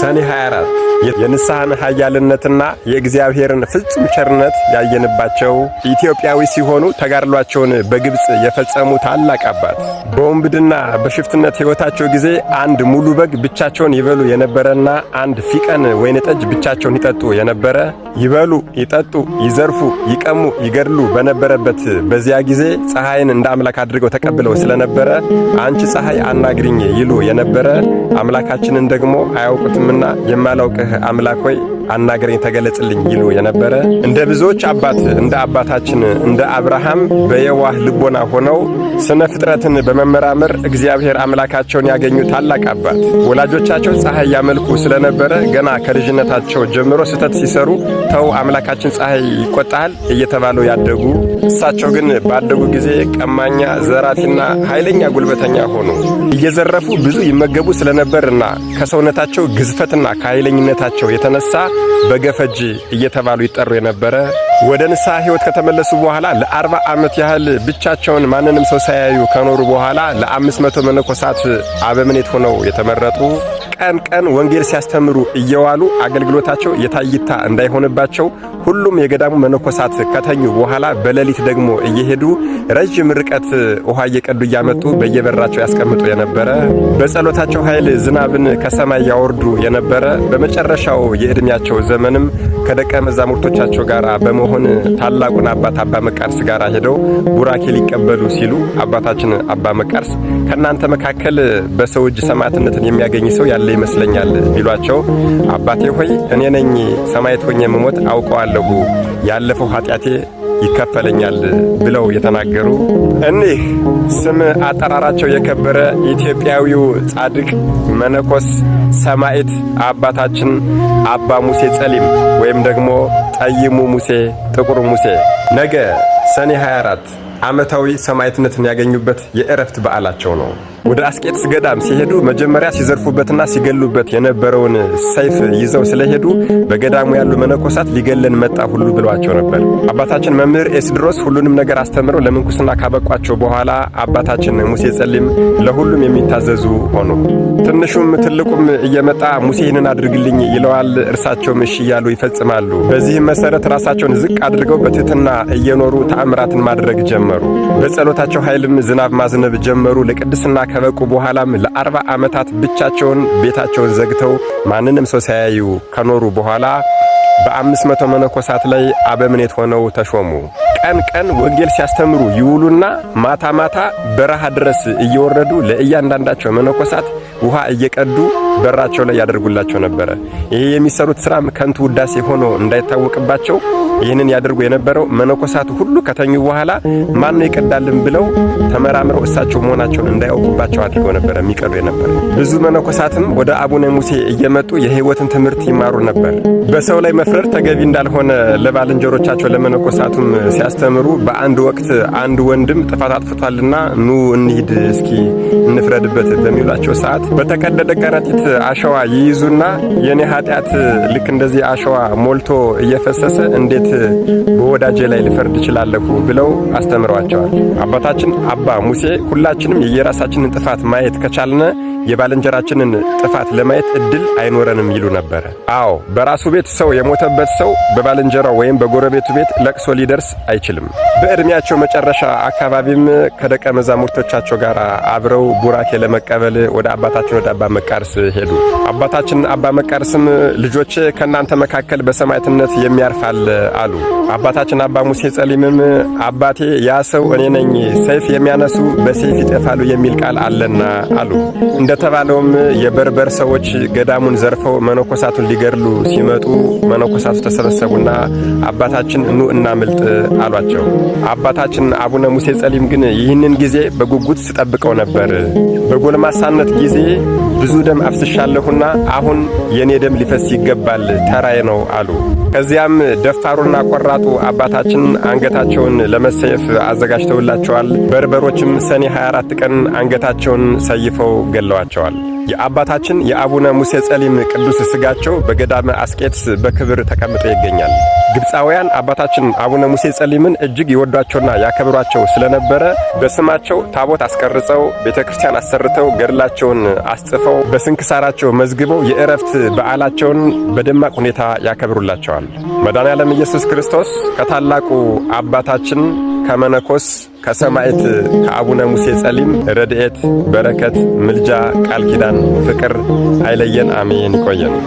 ሰኔ 24 የንስሐን ኃያልነትና የእግዚአብሔርን ፍጹም ቸርነት ያየንባቸው ኢትዮጵያዊ ሲሆኑ ተጋድሏቸውን በግብፅ የፈጸሙ ታላቅ አባት። በወንብድና በሽፍትነት ሕይወታቸው ጊዜ አንድ ሙሉ በግ ብቻቸውን ይበሉ የነበረና አንድ ፊቀን ወይን ጠጅ ብቻቸውን ይጠጡ የነበረ ይበሉ፣ ይጠጡ፣ ይዘርፉ፣ ይቀሙ፣ ይገድሉ በነበረበት በዚያ ጊዜ ፀሐይን እንደ አምላክ አድርገው ተቀብለው ስለነበረ አንቺ ፀሐይ አናግሪኝ ይሉ የነበረ አምላካችንን ደግሞ አያውቁትም አላውቅህምና የማላውቅህ አምላክ ሆይ አናገረኝ ተገለጽልኝ ይሉ የነበረ እንደ ብዙዎች አባት እንደ አባታችን እንደ አብርሃም በየዋህ ልቦና ሆነው ስነ ፍጥረትን በመመራመር እግዚአብሔር አምላካቸውን ያገኙ ታላቅ አባት ወላጆቻቸው ፀሐይ ያመልኩ ስለነበረ ገና ከልጅነታቸው ጀምሮ ስህተት ሲሰሩ ተው አምላካችን ፀሐይ ይቆጣል እየተባሉ ያደጉ እሳቸው ግን ባደጉ ጊዜ ቀማኛ፣ ዘራፊና ኃይለኛ ጉልበተኛ ሆኑ። እየዘረፉ ብዙ ይመገቡ ስለነበርና ከሰውነታቸው ግዝፈትና ከኃይለኝነታቸው የተነሳ በገፈጅ እየተባሉ ይጠሩ የነበረ ወደ ንስሐ ሕይወት ከተመለሱ በኋላ ለአርባ ዓመት ያህል ብቻቸውን ማንንም ሰው ሳያዩ ከኖሩ በኋላ ለአምስት መቶ መነኮሳት አበምኔት ሆነው የተመረጡ ቀን ቀን ወንጌል ሲያስተምሩ እየዋሉ አገልግሎታቸው የታይታ እንዳይሆንባቸው ሁሉም የገዳሙ መነኮሳት ከተኙ በኋላ በሌሊት ደግሞ እየሄዱ ረዥም ርቀት ውሃ እየቀዱ እያመጡ በየበራቸው ያስቀምጡ የነበረ በጸሎታቸው ኃይል ዝናብን ከሰማይ ያወርዱ የነበረ በመጨረሻው የዕድሜያቸው ዘመንም ከደቀ መዛሙርቶቻቸው ጋር በመሆን ታላቁን አባት አባ መቃርስ ጋር ሄደው ቡራኬ ሊቀበሉ ሲሉ አባታችን አባ መቃርስ ከእናንተ መካከል በሰው እጅ ሰማዕትነትን የሚያገኝ ሰው ያለ ያለ ይመስለኛል ቢሏቸው አባቴ ሆይ እኔ ነኝ ሰማዕት ሆኜ መሞት አውቀዋለሁ፣ ያለፈው ኃጢአቴ ይከፈለኛል ብለው የተናገሩ እኒህ ስም አጠራራቸው የከበረ ኢትዮጵያዊው ጻድቅ መነኮስ ሰማዕት አባታችን አባ ሙሴ ጸሊም ወይም ደግሞ ጠይሙ ሙሴ፣ ጥቁር ሙሴ ነገ ሰኔ 24 ዓመታዊ ሰማዕትነትን ያገኙበት የእረፍት በዓላቸው ነው። ወደ አስቄጥስ ገዳም ሲሄዱ መጀመሪያ ሲዘርፉበትና ሲገሉበት የነበረውን ሰይፍ ይዘው ስለሄዱ በገዳሙ ያሉ መነኮሳት ሊገለን መጣ ሁሉ ብለዋቸው ነበር። አባታችን መምህር ኤስድሮስ ሁሉንም ነገር አስተምረው ለምንኩስና ካበቋቸው በኋላ አባታችን ሙሴ ጸሊም ለሁሉም የሚታዘዙ ሆኑ። ትንሹም ትልቁም እየመጣ ሙሴ ይህንን አድርግልኝ ይለዋል። እርሳቸውም እሺ እያሉ ይፈጽማሉ። በዚህም መሰረት ራሳቸውን ዝቅ አድርገው በትህትና እየኖሩ ተአምራትን ማድረግ ጀመሩ። በጸሎታቸው ኃይልም ዝናብ ማዝነብ ጀመሩ። ለቅድስና ከበቁ በኋላም ለአርባ ዓመታት ብቻቸውን ቤታቸውን ዘግተው ማንንም ሰው ሳያዩ ከኖሩ በኋላ በአምስት መቶ መነኮሳት ላይ አበምኔት ሆነው ተሾሙ። ቀን ቀን ወንጌል ሲያስተምሩ ይውሉና ማታ ማታ በረሃ ድረስ እየወረዱ ለእያንዳንዳቸው መነኮሳት ውሃ እየቀዱ በራቸው ላይ ያደርጉላቸው ነበረ። ይሄ የሚሰሩት ስራም ከንቱ ውዳሴ ሆኖ እንዳይታወቅባቸው ይህንን ያደርጉ የነበረው መነኮሳቱ ሁሉ ከተኙ በኋላ ማን ነው ይቀዳልን ብለው ተመራምረው እሳቸው መሆናቸውን እንዳያውቁባቸው አድርገው ነበረ የሚቀዱ የነበረ። ብዙ መነኮሳትም ወደ አቡነ ሙሴ እየመጡ የህይወትን ትምህርት ይማሩ ነበር። በሰው ላይ መፍረድ ተገቢ እንዳልሆነ ለባልንጀሮቻቸው ለመነኮሳቱም ሲያስተምሩ በአንድ ወቅት አንድ ወንድም ጥፋት አጥፍቷልና ኑ እንሂድ እስኪ እንፍረድበት በሚሏቸው ሰዓት በተቀደደ ከረጢት አሸዋ ይይዙና የኔ ኃጢአት ልክ እንደዚህ አሸዋ ሞልቶ እየፈሰሰ እንዴት እንዴት በወዳጄ ላይ ልፈርድ እችላለሁ ብለው አስተምረዋቸዋል። አባታችን አባ ሙሴ ሁላችንም የየራሳችንን ጥፋት ማየት ከቻልነ የባልንጀራችንን ጥፋት ለማየት እድል አይኖረንም ይሉ ነበረ። አዎ በራሱ ቤት ሰው የሞተበት ሰው በባልንጀራው ወይም በጎረቤቱ ቤት ለቅሶ ሊደርስ አይችልም። በዕድሜያቸው መጨረሻ አካባቢም ከደቀ መዛሙርቶቻቸው ጋር አብረው ቡራኬ ለመቀበል ወደ አባታችን ወደ አባ መቃርስ ሄዱ። አባታችን አባ መቃርስም ልጆቼ ከእናንተ መካከል በሰማዕትነት የሚያርፋል አሉ። አባታችን አባ ሙሴ ጸሊምም አባቴ ያ ሰው እኔ ነኝ፣ ሰይፍ የሚያነሱ በሰይፍ ይጠፋሉ የሚል ቃል አለና አሉ። እንደተባለውም የበርበር ሰዎች ገዳሙን ዘርፈው መነኮሳቱን ሊገድሉ ሲመጡ መነኮሳቱ ተሰበሰቡና አባታችን ኑ እናምልጥ አሏቸው። አባታችን አቡነ ሙሴ ጸሊም ግን ይህንን ጊዜ በጉጉት ስጠብቀው ነበር። በጎልማሳነት ጊዜ ብዙ ደም አፍስሻለሁና አሁን የኔ ደም ሊፈስ ይገባል፣ ተራዬ ነው አሉ። ከዚያም ደፋሩና ቆራጡ አባታችን አንገታቸውን ለመሰየፍ አዘጋጅተውላቸዋል። በርበሮችም ሰኔ 24 ቀን አንገታቸውን ሰይፈው ገለዋቸዋል። የአባታችን የአቡነ ሙሴ ጸሊም ቅዱስ ስጋቸው በገዳመ አስቄትስ በክብር ተቀምጦ ይገኛል። ግብፃውያን አባታችን አቡነ ሙሴ ጸሊምን እጅግ ይወዷቸውና ያከብሯቸው ስለነበረ በስማቸው ታቦት አስቀርጸው ቤተ ክርስቲያን አሰርተው ገድላቸውን አስጽፈው በስንክሳራቸው መዝግበው የእረፍት በዓላቸውን በደማቅ ሁኔታ ያከብሩላቸዋል። መድኃኔ ዓለም ኢየሱስ ክርስቶስ ከታላቁ አባታችን ከመነኮስ ከሰማዕት ከአቡነ ሙሴ ጸሊም ረድኤት፣ በረከት፣ ምልጃ፣ ቃል ኪዳን፣ ፍቅር አይለየን። አሜን። ይቆየን።